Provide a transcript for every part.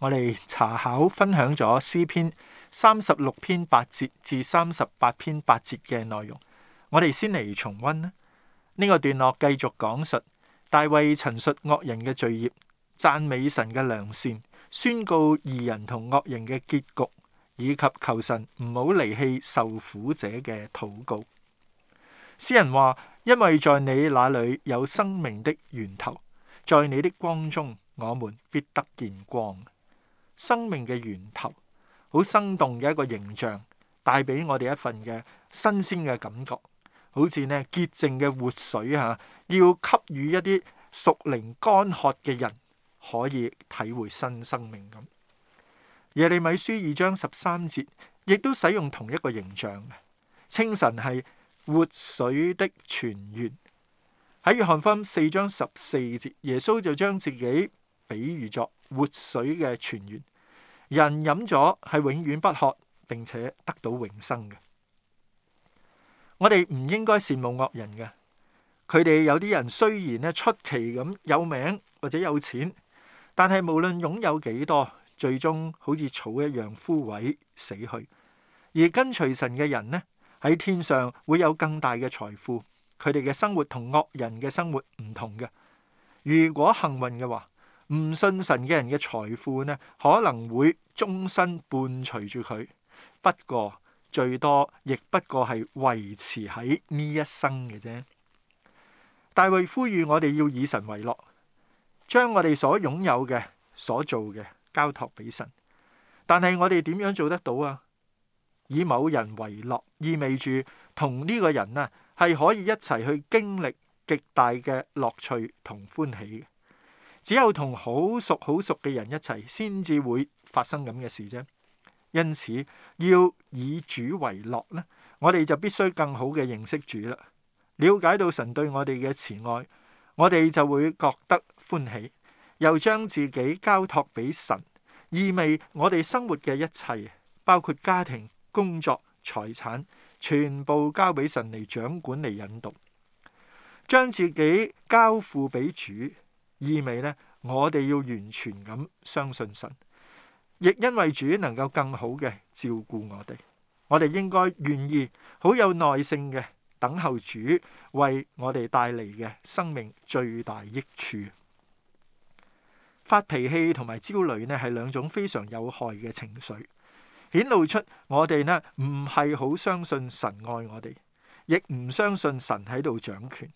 我哋查考分享咗詩篇三十六篇八節至三十八篇八節嘅內容，我哋先嚟重温呢個段落繼續講述大衛陳述惡人嘅罪孽讚美神嘅良善，宣告義人同惡人嘅結局，以及求神唔好離棄受苦者嘅禱告。詩人話：因為在你那裏有生命的源頭，在你的光中，我們必得見光。生命嘅源頭，好生動嘅一個形象，帶俾我哋一份嘅新鮮嘅感覺，好似呢潔淨嘅活水吓、啊，要給予一啲屬靈乾渴嘅人可以體會新生命咁。耶利米書二章十三節，亦都使用同一個形象，清晨係活水的泉源。喺約翰分四章十四節，耶穌就將自己比喻作。活水嘅泉源，人飲咗係永遠不渴，並且得到永生嘅。我哋唔應該羨慕惡人嘅，佢哋有啲人雖然咧出奇咁有名或者有錢，但係無論擁有幾多，最終好似草一樣枯萎死去。而跟隨神嘅人呢，喺天上會有更大嘅財富，佢哋嘅生活同惡人嘅生活唔同嘅。如果幸運嘅話，唔信神嘅人嘅財富呢，可能會終身伴隨住佢。不過最多亦不過係維持喺呢一生嘅啫。大衛呼籲我哋要以神為樂，將我哋所擁有嘅、所做嘅交托俾神。但係我哋點樣做得到啊？以某人為樂，意味住同呢個人啊係可以一齊去經歷極大嘅樂趣同歡喜嘅。只有同好熟好熟嘅人一齊，先至會發生咁嘅事啫。因此，要以主為樂咧，我哋就必須更好嘅認識主啦。了解到神對我哋嘅慈愛，我哋就會覺得歡喜，又將自己交託俾神，意味我哋生活嘅一切，包括家庭、工作、財產，全部交俾神嚟掌管、嚟引導，將自己交付俾主。意味咧，我哋要完全咁相信神，亦因為主能夠更好嘅照顧我哋。我哋應該願意好有耐性嘅等候主為我哋帶嚟嘅生命最大益處。發脾氣同埋焦慮呢係兩種非常有害嘅情緒，顯露出我哋呢唔係好相信神愛我哋，亦唔相信神喺度掌權，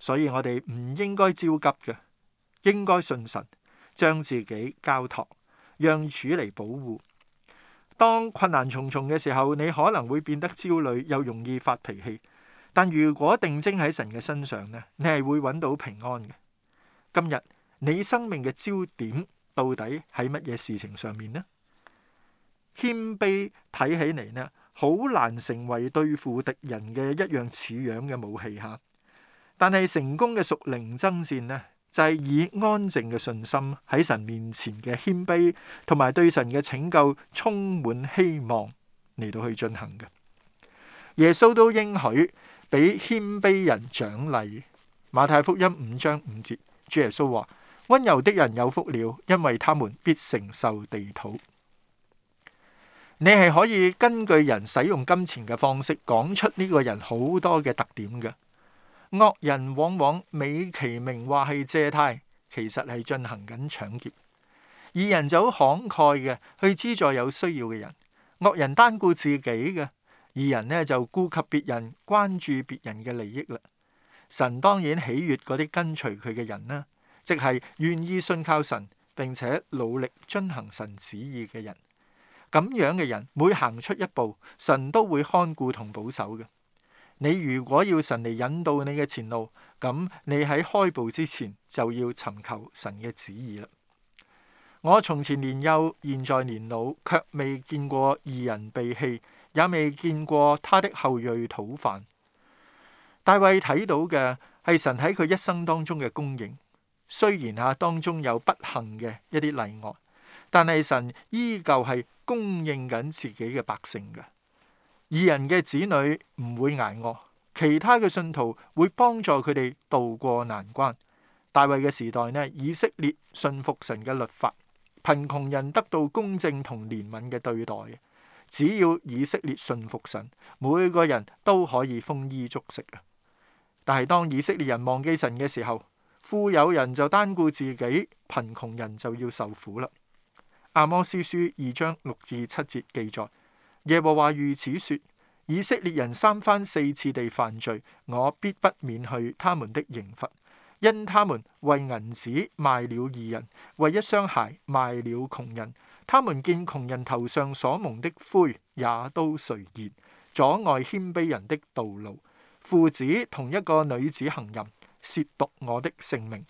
所以我哋唔應該焦急嘅。應該信神，將自己交託，讓主嚟保護。當困難重重嘅時候，你可能會變得焦慮，又容易發脾氣。但如果定睛喺神嘅身上呢，你係會揾到平安嘅。今日你生命嘅焦點到底喺乜嘢事情上面呢？謙卑睇起嚟呢，好難成為對付敵人嘅一樣似樣嘅武器吓。但係成功嘅屬靈爭戰呢，就係以安靜嘅信心喺神面前嘅謙卑，同埋對神嘅拯救充滿希望嚟，到去進行嘅。耶穌都應許俾謙卑人獎勵。馬太福音五章五節，主耶穌話：温柔的人有福了，因為他們必承受地土。你係可以根據人使用金錢嘅方式，講出呢個人好多嘅特點嘅。惡人往往美其名話係借貸，其實係進行緊搶劫；二人就好慷慨嘅去資助有需要嘅人，惡人單顧自己嘅，二人呢就顧及別人，關注別人嘅利益啦。神當然喜悦嗰啲跟隨佢嘅人啦，即係願意信靠神，並且努力遵行神旨,旨意嘅人。咁樣嘅人每行出一步，神都會看顧同保守嘅。你如果要神嚟引導你嘅前路，咁你喺開步之前就要尋求神嘅旨意啦。我從前年幼，現在年老，卻未見過義人被棄，也未見過他的後裔討飯。大衛睇到嘅係神喺佢一生當中嘅供應，雖然吓當中有不幸嘅一啲例外，但係神依舊係供應緊自己嘅百姓嘅。二人嘅子女唔會捱餓，其他嘅信徒會幫助佢哋渡過難關。大衛嘅時代呢？以色列信服神嘅律法，貧窮人得到公正同憐憫嘅對待。只要以色列信服神，每個人都可以豐衣足食啊！但係當以色列人忘記神嘅時候，富有人就單顧自己，貧窮人就要受苦啦。阿摩斯書二章六至七節記載。耶和華如此說：以色列人三番四次地犯罪，我必不免去他們的刑罰，因他們為銀子賣了義人，為一雙鞋賣了窮人。他們見窮人頭上所蒙的灰，也都垂涎阻礙謙卑人的道路。父子同一個女子行淫，褻瀆我的聖名。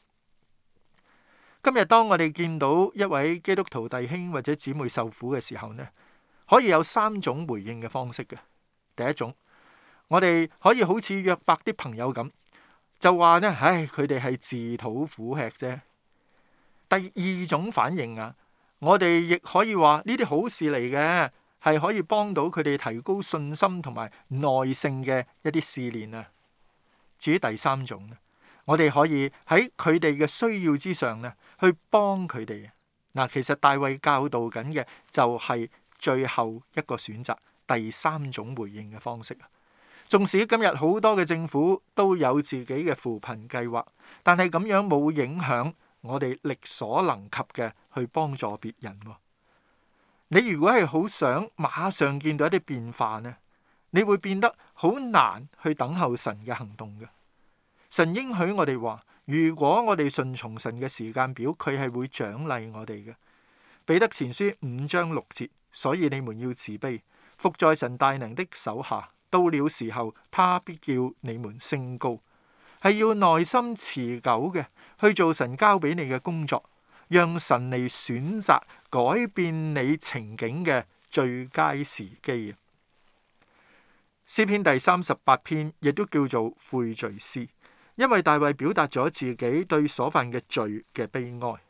今日當我哋見到一位基督徒弟兄或者姊妹受苦嘅時候呢？可以有三種回應嘅方式嘅。第一種，我哋可以好似約伯啲朋友咁，就話呢，唉，佢哋係自討苦吃啫。第二種反應啊，我哋亦可以話呢啲好事嚟嘅，係可以幫到佢哋提高信心同埋耐性嘅一啲試練啊。至於第三種咧，我哋可以喺佢哋嘅需要之上呢，去幫佢哋嗱。其實大衛教導緊嘅就係。最後一個選擇，第三種回應嘅方式啊。縱使今日好多嘅政府都有自己嘅扶貧計劃，但係咁樣冇影響我哋力所能及嘅去幫助別人。你如果係好想馬上見到一啲變化呢，你會變得好難去等候神嘅行動嘅。神應許我哋話，如果我哋順從神嘅時間表，佢係會獎勵我哋嘅。彼得前書五章六節。所以你們要自卑，伏在神大能的手下。到了時候，他必叫你們升高。係要耐心持久嘅，去做神交俾你嘅工作，讓神嚟選擇改變你情景嘅最佳時機啊！詩篇第三十八篇亦都叫做悔罪詩，因為大衛表達咗自己對所犯嘅罪嘅悲哀。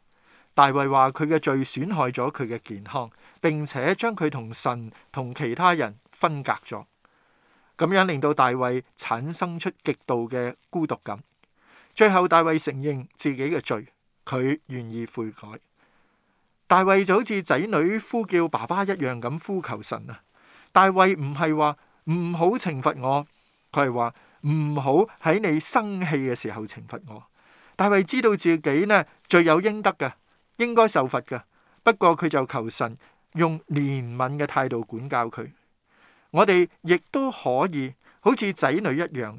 大衛話佢嘅罪損害咗佢嘅健康，並且將佢同神同其他人分隔咗，咁樣令到大衛產生出極度嘅孤獨感。最後，大衛承認自己嘅罪，佢願意悔改。大衛就好似仔女呼叫爸爸一樣咁呼求神啊！大衛唔係話唔好懲罰我，佢係話唔好喺你生氣嘅時候懲罰我。大衛知道自己呢，罪有應得嘅。應該受罰嘅，不過佢就求神用憐憫嘅態度管教佢。我哋亦都可以好似仔女一樣，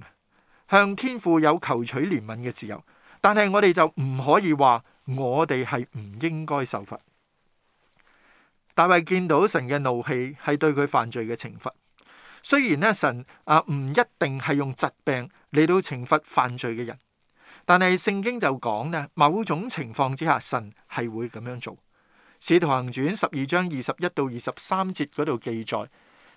向天父有求取憐憫嘅自由。但係我哋就唔可以話我哋係唔應該受罰。大衛見到神嘅怒氣係對佢犯罪嘅懲罰，雖然呢神啊唔一定係用疾病嚟到懲罰犯罪嘅人。但係聖經就講呢，某種情況之下，神係會咁樣做。使徒行傳十二章二十一到二十三節嗰度記載，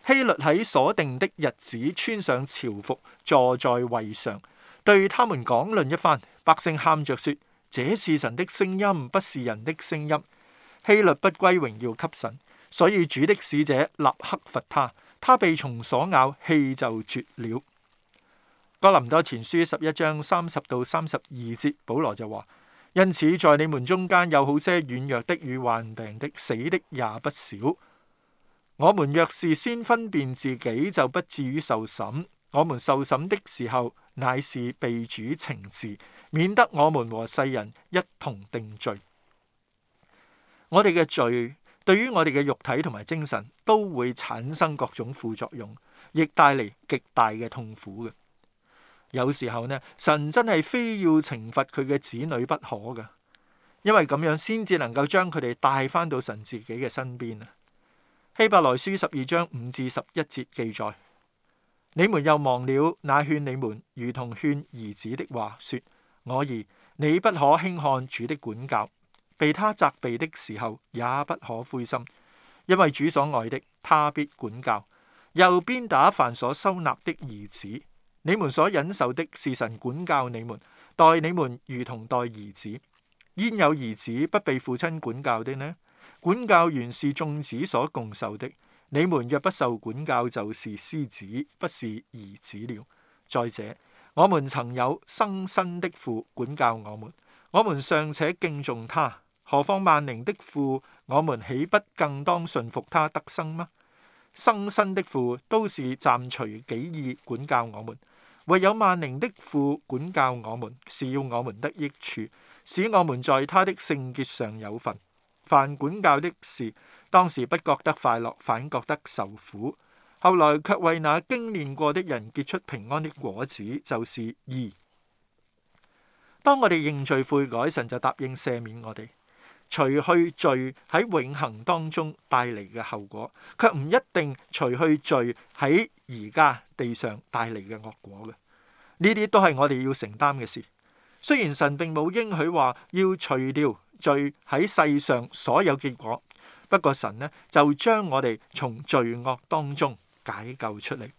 希律喺所定的日子穿上朝服，坐在位上，對他們講論一番。百姓喊着說：這是神的聲音，不是人的聲音。希律不歸榮耀給神，所以主的使者立刻罰他，他被蟲所咬，氣就絕了。哥林多前書十一章三十到三十二節，保羅就話：因此，在你們中間有好些軟弱的與患病的，死的也不少。我們若是先分辨自己，就不至於受審；我們受審的時候，乃是被主懲治，免得我們和世人一同定罪。我哋嘅罪對於我哋嘅肉體同埋精神都會產生各種副作用，亦帶嚟極大嘅痛苦嘅。有時候呢，神真係非要懲罰佢嘅子女不可嘅，因為咁樣先至能夠將佢哋帶返到神自己嘅身邊啊！希伯來書十二章五至十一節記載：你們又忘了那勸你們如同勸兒子的話，說：我兒，你不可輕看主的管教，被他責備的時候也不可灰心，因為主所愛的他必管教，又鞭打凡所收納的兒子。你們所忍受的是神管教你們，待你們如同待兒子，焉有兒子不被父親管教的呢？管教原是眾子所共受的，你們若不受管教，就是私子，不是兒子了。再者，我們曾有生身的父管教我們，我們尚且敬重他，何況萬靈的父？我們豈不更當信服他得生嗎？生身的父都是暫隨己意管教我們。唯有萬靈的父管教我們，是要我們得益處，使我們在他的聖潔上有份。凡管教的事，是當時不覺得快樂，反覺得受苦；後來卻為那經練過的人結出平安的果子，就是義。當我哋認罪悔改，神就答應赦免我哋。除去罪喺永恆當中帶嚟嘅後果，卻唔一定除去罪喺而家地上帶嚟嘅惡果嘅。呢啲都係我哋要承擔嘅事。雖然神並冇應許話要除掉罪喺世上所有結果，不過神呢就將我哋從罪惡當中解救出嚟。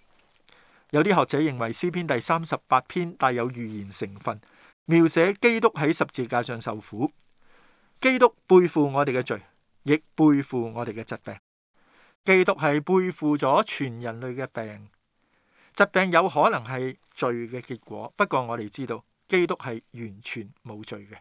有啲學者認為詩篇第三十八篇帶有預言成分，描寫基督喺十字架上受苦。基督背負我哋嘅罪，亦背負我哋嘅疾病。基督係背負咗全人類嘅病，疾病有可能係罪嘅結果。不過我哋知道基督係完全冇罪嘅。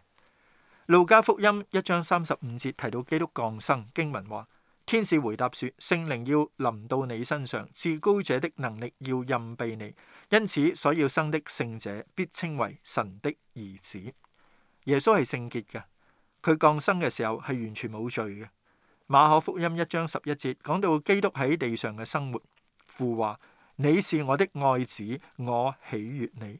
路加福音一章三十五節提到基督降生經文話，天使回答說：聖靈要臨到你身上，至高者的能力要蔭庇你，因此所要生的聖者必稱為神的兒子。耶穌係聖潔嘅。佢降生嘅時候係完全冇罪嘅。馬可福音一章十一節講到基督喺地上嘅生活，父話：你是我的愛子，我喜悦你。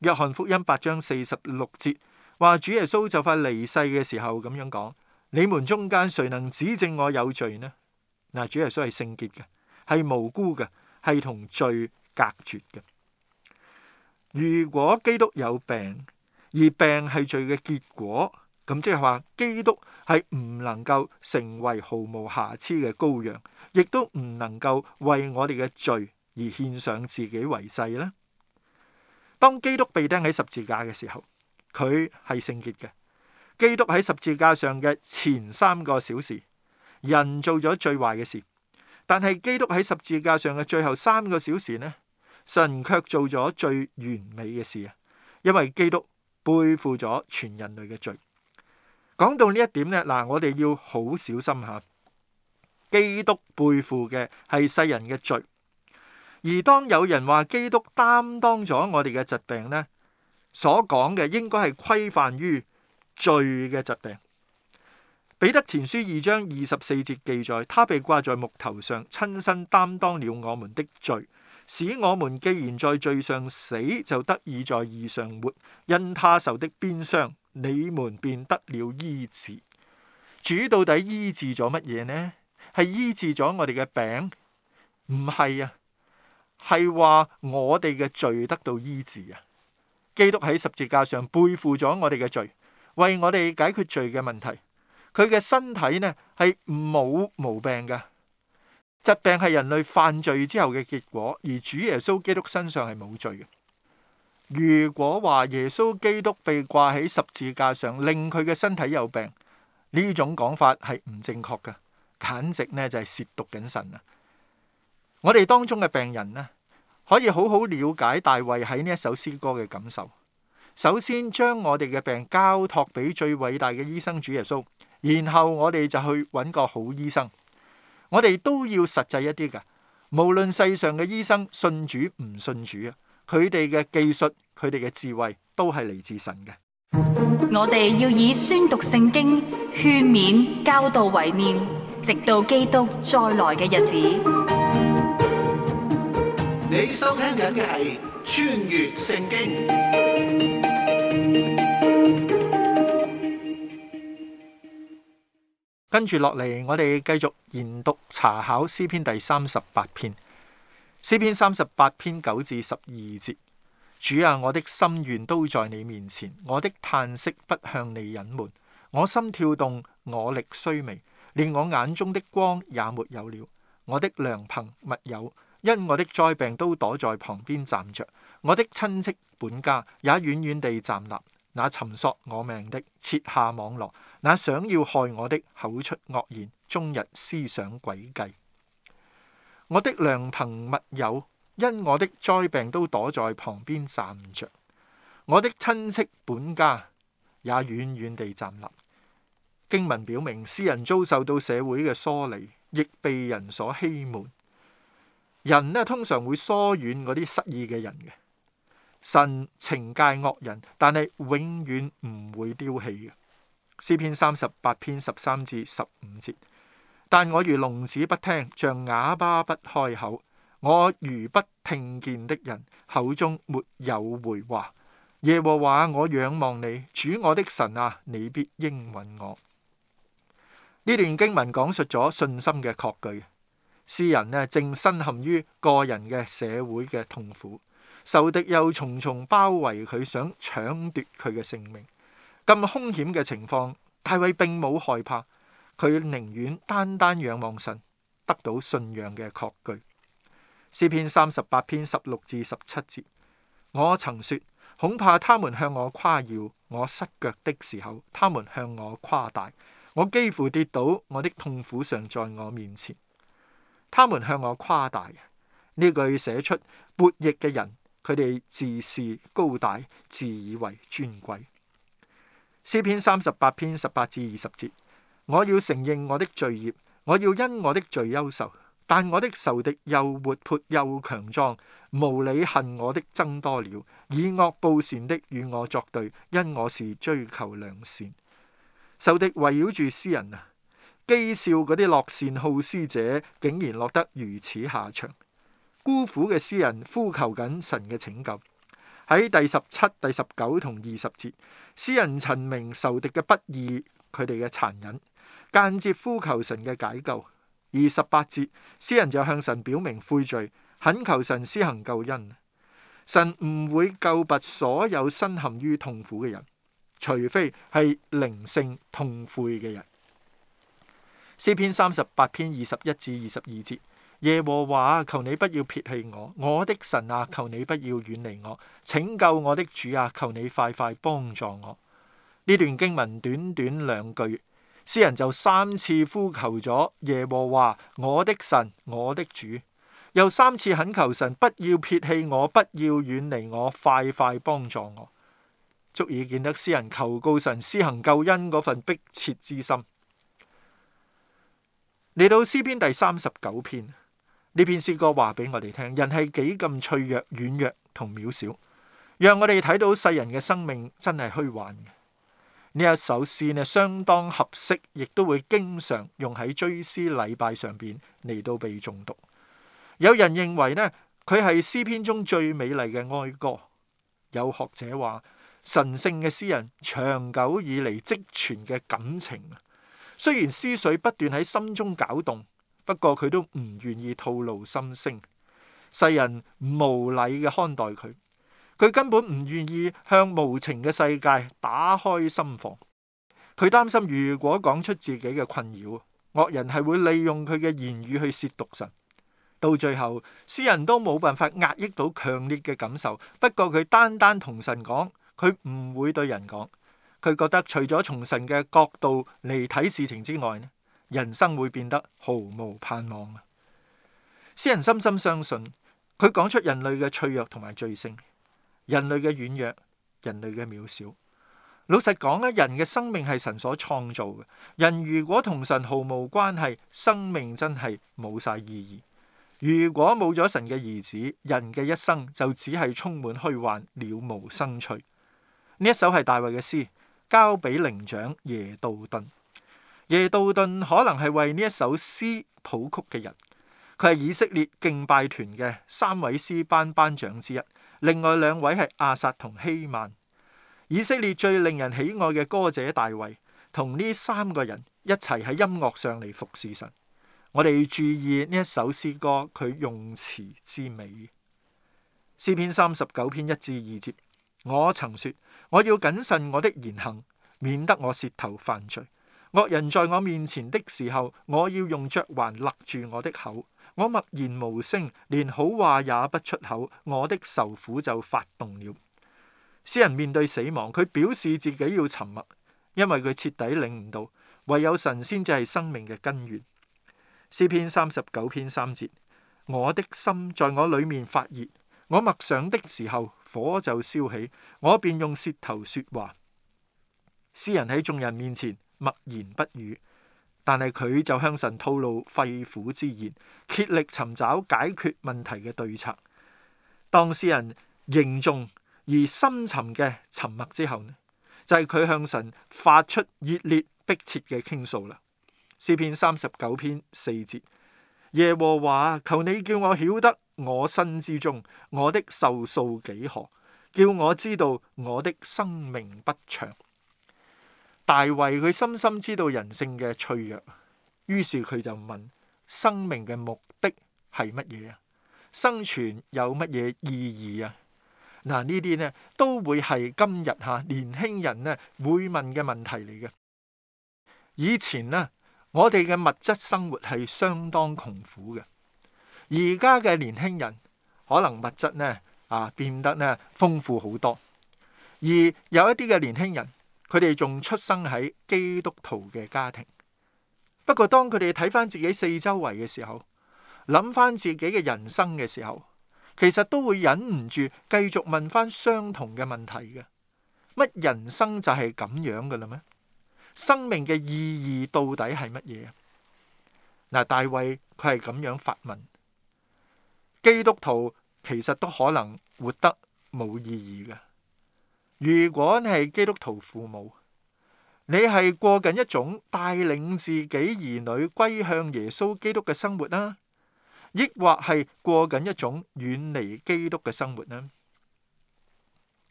約翰福音八章四十六節話：主耶穌就快離世嘅時候咁樣講：你們中間誰能指證我有罪呢？嗱，主耶穌係聖潔嘅，係無辜嘅，係同罪隔絕嘅。如果基督有病，而病係罪嘅結果。咁即係話，基督係唔能夠成為毫無瑕疵嘅羔羊，亦都唔能夠為我哋嘅罪而獻上自己為祭咧。當基督被釘喺十字架嘅時候，佢係聖潔嘅。基督喺十字架上嘅前三個小時，人做咗最壞嘅事，但係基督喺十字架上嘅最後三個小時咧，神卻做咗最完美嘅事啊，因為基督背負咗全人類嘅罪。講到呢一點呢，嗱，我哋要好小心下。基督背負嘅係世人嘅罪，而當有人話基督擔當咗我哋嘅疾病呢，所講嘅應該係規範於罪嘅疾病。彼得前書二章二十四節記載，他被掛在木頭上，親身擔當了我們的罪，使我們既然在罪上死，就得以在義上活，因他受的鞭傷。你們便得了醫治。主到底醫治咗乜嘢呢？係醫治咗我哋嘅病？唔係啊，係話我哋嘅罪得到醫治啊！基督喺十字架上背負咗我哋嘅罪，為我哋解決罪嘅問題。佢嘅身體呢，係冇毛病噶，疾病係人類犯罪之後嘅結果，而主耶穌基督身上係冇罪嘅。如果話耶穌基督被掛喺十字架上，令佢嘅身體有病，呢種講法係唔正確嘅，簡直呢就係褻瀆緊神啊！我哋當中嘅病人呢，可以好好了解大衛喺呢一首詩歌嘅感受。首先，將我哋嘅病交託俾最偉大嘅醫生主耶穌，然後我哋就去揾個好醫生。我哋都要實際一啲噶，無論世上嘅醫生信主唔信主啊。佢哋嘅技術，佢哋嘅智慧，都係嚟自神嘅。我哋要以宣讀聖經、勸勉、教導、為念，直到基督再來嘅日子。你收聽緊嘅係《穿越聖經》。跟住落嚟，我哋繼續研讀查考詩篇第三十八篇。詩篇三十八篇九至十二節：主啊，我的心願都在你面前，我的嘆息不向你隱瞞。我心跳動，我力衰微，連我眼中的光也沒有了。我的良朋密友，因我的災病都躲在旁邊站着。我的親戚本家也遠遠地站立。那尋索我命的，設下網絡；那想要害我的，口出惡言，終日思想詭計。我的良朋密友，因我的災病都躲在旁邊站着；我的親戚本家也遠遠地站立。經文表明，詩人遭受到社會嘅疏離，亦被人所欺瞞。人呢通常會疏遠嗰啲失意嘅人嘅。神懲戒惡人，但係永遠唔會丟棄嘅。詩篇三十八篇十三至十五節。但我如聾子不聽，像啞巴不開口，我如不聽見的人，口中沒有回話。耶和華，我仰望你，主我的神啊，你必應允我。呢段經文講述咗信心嘅確據。詩人呢正身陷於個人嘅社會嘅痛苦，仇敵又重重包圍佢，想搶奪佢嘅性命。咁凶險嘅情況，大衛並冇害怕。佢寧願單單仰望神，得到信仰嘅確據。詩篇三十八篇十六至十七節，我曾說恐怕他們向我誇耀，我失腳的時候，他們向我誇大，我幾乎跌倒，我的痛苦常在我面前。他們向我誇大，呢句寫出悖逆嘅人，佢哋自視高大，自以為尊貴。詩篇三十八篇十八至二十節。我要承認我的罪孽，我要因我的罪憂愁。但我的仇敵又活潑又強壯，無理恨我的增多了，以惡報善的與我作對，因我是追求良善。仇敵圍繞住詩人啊，譏笑嗰啲樂善好施者，竟然落得如此下場。孤苦嘅詩人呼求緊神嘅拯救。喺第十七、第十九同二十節，詩人陳明仇敵嘅不義，佢哋嘅殘忍。間接呼求神嘅解救，二十八節，詩人就向神表明悔罪，懇求神施行救恩。神唔會救拔所有身陷於痛苦嘅人，除非係靈性痛悔嘅人。詩篇三十八篇二十一至二十二節：耶和華求你不要撇棄我，我的神啊，求你不要遠離我，拯救我的主啊，求你快快幫助我。呢段經文短短兩句。詩人就三次呼求咗耶和華、我的神、我的主，又三次懇求神不要撇棄我、不要遠離我、快快幫助我，足以見得詩人求告神施行救恩嗰份迫切之心。嚟到詩篇第三十九篇，呢篇詩歌話俾我哋聽，人係幾咁脆弱、軟弱同渺小，讓我哋睇到世人嘅生命真係虛幻嘅。詩呢一首詩咧，相當合適，亦都會經常用喺追思禮拜上邊嚟到被誦讀。有人認為呢，佢係詩篇中最美麗嘅哀歌。有學者話，神聖嘅詩人長久以嚟積存嘅感情啊，雖然思緒不斷喺心中攪動，不過佢都唔願意吐露心聲。世人無禮嘅看待佢。佢根本唔願意向無情嘅世界打開心房。佢擔心，如果講出自己嘅困擾，惡人係會利用佢嘅言語去褻瀆神。到最後，詩人都冇辦法壓抑到強烈嘅感受。不過，佢單單同神講，佢唔會對人講。佢覺得，除咗從神嘅角度嚟睇事情之外，呢人生會變得毫無盼望。詩人深深相信，佢講出人類嘅脆弱同埋罪性。人類嘅軟弱，人類嘅渺小。老實講咧，人嘅生命係神所創造嘅。人如果同神毫無關係，生命真係冇晒意義。如果冇咗神嘅兒子，人嘅一生就只係充滿虛幻，了無生趣。呢一首係大衛嘅詩，交俾伶長耶杜頓。耶杜頓可能係為呢一首詩譜曲嘅人。佢係以色列敬拜團嘅三位詩班班長之一。另外兩位係亞薩同希曼，以色列最令人喜愛嘅歌者大衛，同呢三個人一齊喺音樂上嚟服侍神。我哋要注意呢一首詩歌佢用詞之美。詩篇三十九篇一至二節，我曾說我要謹慎我的言行，免得我舌頭犯罪。惡人在我面前的時候，我要用嚼環勒住我的口。我默然無聲，連好話也不出口。我的愁苦就發動了。詩人面對死亡，佢表示自己要沉默，因為佢徹底領悟到，唯有神先至係生命嘅根源。詩篇三十九篇三節：我的心在我裏面發熱，我默想的時候，火就燒起，我便用舌頭說話。詩人喺眾人面前默言不語。但係佢就向神吐露肺腑之言，竭力尋找解決問題嘅對策。當事人凝重而深沉嘅沉默之後呢，就係、是、佢向神發出熱烈迫切嘅傾訴啦。詩篇三十九篇四節：耶和華，求你叫我曉得我身之中，我的壽數幾何，叫我知道我的生命不長。大衛佢深深知道人性嘅脆弱，於是佢就問：生命嘅目的係乜嘢啊？生存有乜嘢意義啊？嗱，呢啲呢都會係今日吓年輕人呢會問嘅問題嚟嘅。以前呢，我哋嘅物質生活係相當窮苦嘅，而家嘅年輕人可能物質呢啊變得呢豐富好多，而有一啲嘅年輕人。佢哋仲出生喺基督徒嘅家庭，不過當佢哋睇翻自己四周圍嘅時候，諗翻自己嘅人生嘅時候，其實都會忍唔住繼續問翻相同嘅問題嘅。乜人生就係咁樣嘅啦咩？生命嘅意義到底係乜嘢啊？嗱，大衛佢係咁樣發問，基督徒其實都可能活得冇意義嘅。如果你係基督徒父母，你係過緊一種帶領自己兒女歸向耶穌基督嘅生活啦，抑或係過緊一種遠離基督嘅生活呢？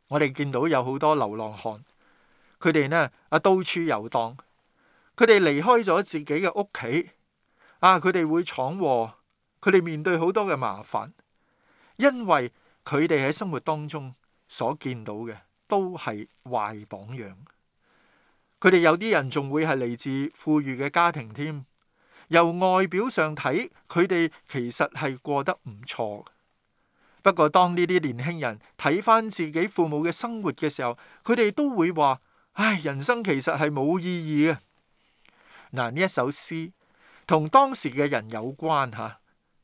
我哋見到有好多流浪漢，佢哋呢啊到處遊蕩，佢哋離開咗自己嘅屋企啊，佢哋會闖禍，佢哋面對好多嘅麻煩，因為佢哋喺生活當中所見到嘅，都係壞榜樣，佢哋有啲人仲會係嚟自富裕嘅家庭添，由外表上睇，佢哋其實係過得唔錯。不過當呢啲年輕人睇翻自己父母嘅生活嘅時候，佢哋都會話：唉，人生其實係冇意義嘅。嗱，呢一首詩同當時嘅人有關吓，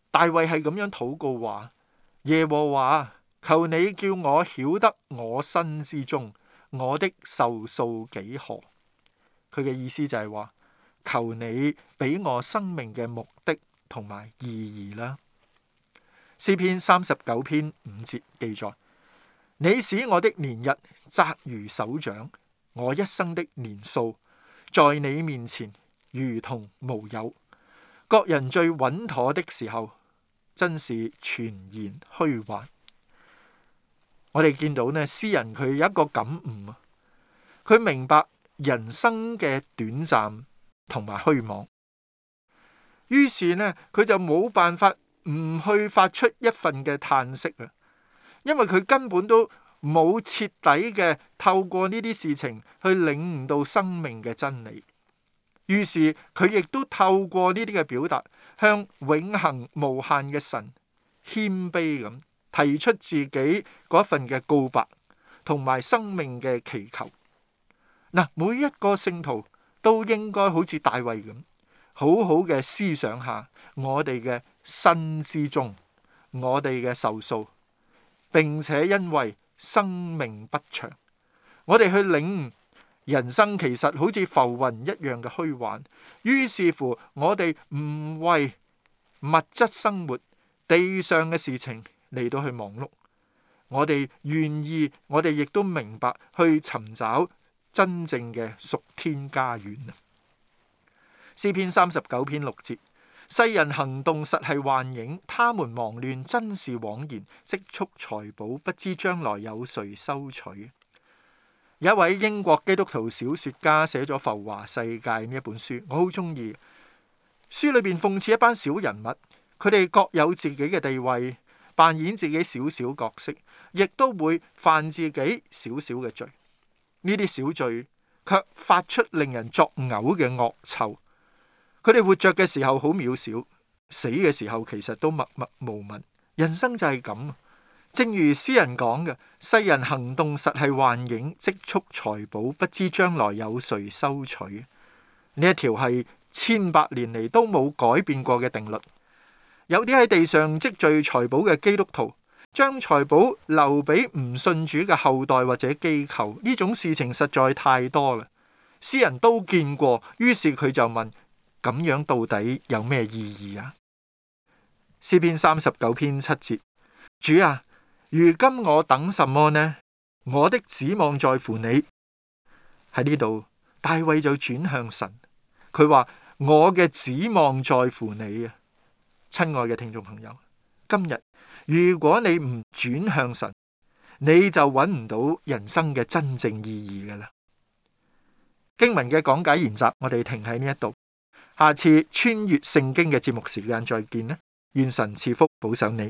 大衛係咁樣禱告話：耶和華。求你叫我曉得我身之中，我的壽數幾何？佢嘅意思就係話，求你俾我生命嘅目的同埋意義啦。詩篇三十九篇五節記載：你使我的年日窄如手掌，我一生的年數在你面前如同無有。各人最穩妥的時候，真是全然虛幻。我哋見到呢，詩人佢有一個感悟，佢明白人生嘅短暫同埋虛妄，於是呢，佢就冇辦法唔去發出一份嘅嘆息啊！因為佢根本都冇徹底嘅透過呢啲事情去領悟到生命嘅真理，於是佢亦都透過呢啲嘅表達，向永恆無限嘅神謙卑咁。提出自己嗰份嘅告白，同埋生命嘅祈求。嗱，每一個聖徒都應該好似大衛咁，好好嘅思想下我哋嘅身之中，我哋嘅受訴，並且因為生命不長，我哋去領悟人生其實好似浮雲一樣嘅虛幻。於是乎，我哋唔為物質生活地上嘅事情。嚟到去忙碌，我哋願意，我哋亦都明白去尋找真正嘅屬天家園啊。詩篇三十九篇六節：世人行動實係幻影，他們忙亂真是枉然。積蓄財寶，不知將來有誰收取。有一位英國基督徒小說家寫咗《浮華世界》呢一本書，我好中意。書裏邊諷刺一班小人物，佢哋各有自己嘅地位。扮演自己小小角色，亦都會犯自己小小嘅罪。呢啲小罪卻發出令人作嘔嘅惡臭。佢哋活着嘅時候好渺小，死嘅時候其實都默默無聞。人生就係咁，正如詩人講嘅：世人行動實係幻影，積蓄財寶，不知將來有誰收取。呢一條係千百年嚟都冇改變過嘅定律。有啲喺地上積聚財寶嘅基督徒，將財寶留俾唔信主嘅後代或者機構，呢種事情實在太多啦。詩人都見過，於是佢就問：咁樣到底有咩意義啊？詩篇三十九篇七節：主啊，如今我等什麼呢？我的指望在乎你。喺呢度，大衛就轉向神，佢話：我嘅指望在乎你啊！親愛嘅聽眾朋友，今日如果你唔轉向神，你就揾唔到人生嘅真正意義嘅啦。經文嘅講解研習，我哋停喺呢一度，下次穿越聖經嘅節目時間再見啦。願神賜福保守你。